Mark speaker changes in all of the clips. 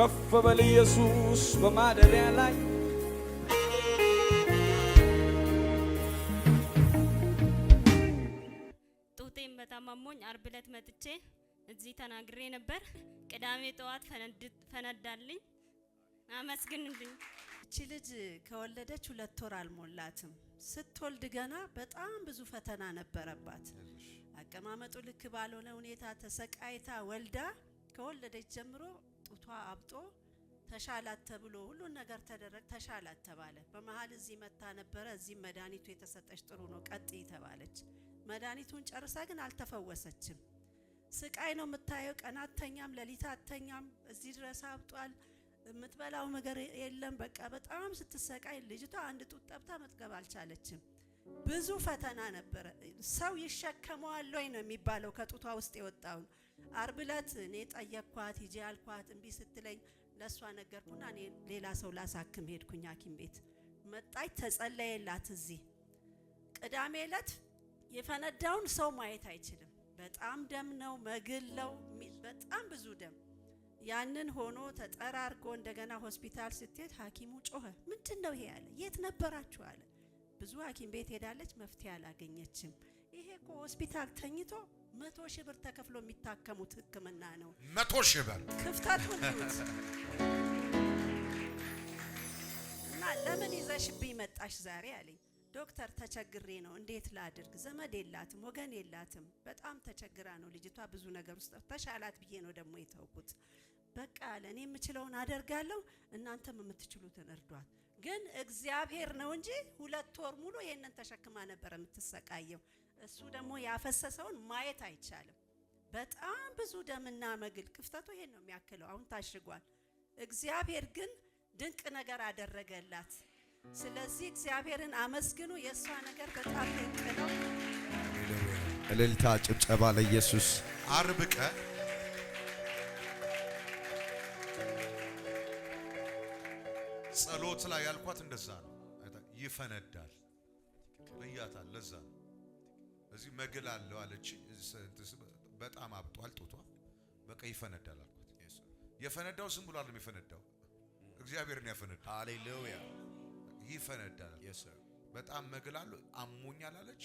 Speaker 1: ከፍ በል ኢየሱስ በማደሪያ ላይ ጡቴም በጣም አሞኝ አርብ ዕለት መጥቼ እዚህ ተናግሬ ነበር። ቅዳሜ ጠዋት ፈነዳልኝ። አመስግንልኝ።
Speaker 2: እቺ ልጅ ከወለደች ሁለት ወር አልሞላትም። ስትወልድ ገና በጣም ብዙ ፈተና ነበረባት። አቀማመጡ ልክ ባልሆነ ሁኔታ ተሰቃይታ ወልዳ ከወለደች ጀምሮ ጡቷ አብጦ ተሻላት ተብሎ ሁሉን ነገር ተደረግ ተሻላት ተባለ። በመሀል እዚህ መታ ነበረ። እዚህም መድኃኒቱ የተሰጠች ጥሩ ነው ቀጥይ ተባለች። መድኃኒቱን ጨርሳ ግን አልተፈወሰችም። ስቃይ ነው የምታየው። ቀን አተኛም፣ ሌሊት አተኛም። እዚህ ድረስ አብጧል። የምትበላው ነገር የለም። በቃ በጣም ስትሰቃይ ልጅቷ አንድ ጡት ጠብታ መጥገብ አልቻለችም። ብዙ ፈተና ነበረ። ሰው ይሸከመዋል ወይ ነው የሚባለው ከጡቷ ውስጥ የወጣውን አርብ ዕለት እኔ ጠየቅኳት ሂጄ አልኳት፣ እምቢ ስትለኝ ለእሷ ነገርኩና እኔ ሌላ ሰው ላሳክም ሄድኩኝ ሐኪም ቤት መጣች፣ ተጸለየላት። እዚህ ቅዳሜ ዕለት የፈነዳውን ሰው ማየት አይችልም። በጣም ደም ነው መግለው፣ በጣም ብዙ ደም። ያንን ሆኖ ተጠራርጎ እንደገና ሆስፒታል ስትሄድ ሐኪሙ ጮኸ። ምንድን ነው ይሄ አለ። የት ነበራችሁ አለ። ብዙ ሐኪም ቤት ሄዳለች፣ መፍትሄ አላገኘችም። ይሄ እኮ ሆስፒታል ተኝቶ መቶ ሺህ ብር ተከፍሎ የሚታከሙት ህክምና ነው።
Speaker 3: መቶ ሺህ ብር
Speaker 2: ክፍተቱን እና ለምን ይዘሽብኝ መጣሽ ዛሬ አለኝ። ዶክተር ተቸግሬ ነው እንዴት ላድርግ? ዘመድ የላትም ወገን የላትም። በጣም ተቸግራ ነው ልጅቷ። ብዙ ነገር ውስጥ ተሻላት ብዬ ነው ደግሞ የተውኩት። በቃ አለ እኔ የምችለውን አደርጋለሁ፣ እናንተም የምትችሉትን እርዷት። ግን እግዚአብሔር ነው እንጂ ሁለት ወር ሙሉ ይህንን ተሸክማ ነበር የምትሰቃየው። እሱ ደግሞ ያፈሰሰውን ማየት አይቻልም። በጣም ብዙ ደምና መግል ክፍተቱ ይሄን ነው የሚያክለው። አሁን ታሽጓል። እግዚአብሔር ግን ድንቅ ነገር አደረገላት። ስለዚህ እግዚአብሔርን አመስግኑ። የእሷ ነገር በጣም ድንቅ ነው።
Speaker 3: እልልታ፣ ጭብጨባ ለኢየሱስ።
Speaker 4: አርብ ቀን ጸሎት ላይ ያልኳት እንደዛ ነው። ይፈነዳል ብያታል። ለዛ ነው እዚህ መግል አለው አለች። በጣም አብጧል ጡቷ በቃ ይፈነዳል አልኳት። የፈነዳው ዝም ብሎ አይደለም የፈነዳው እግዚአብሔር ነው ያፈነዳ። ሃሌሉያ ይፈነዳል። በጣም መግል አለው አሞኛል አለች።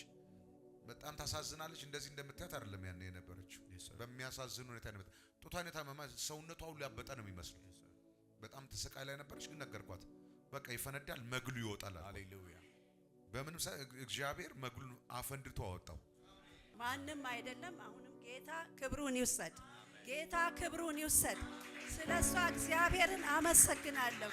Speaker 4: በጣም ታሳዝናለች። እንደዚህ እንደምታያት አይደለም ያን የነበረችው። በሚያሳዝን ሁኔታ ነው ጡቷን የታመማ ሰውነቷ ሁሉ ያበጠ ነው የሚመስለው። በጣም ተሰቃይ ላይ ነበረች፣ ግን ነገርኳት። በቃ ይፈነዳል፣ መግሉ ይወጣል። ሃሌሉያ በምን እግዚአብሔር መግሉን አፈንድቶ አወጣው።
Speaker 2: ማንም አይደለም። አሁንም ጌታ ክብሩን ይውሰድ። ጌታ ክብሩን ይውሰድ። ስለሷ እግዚአብሔርን አመሰግናለሁ።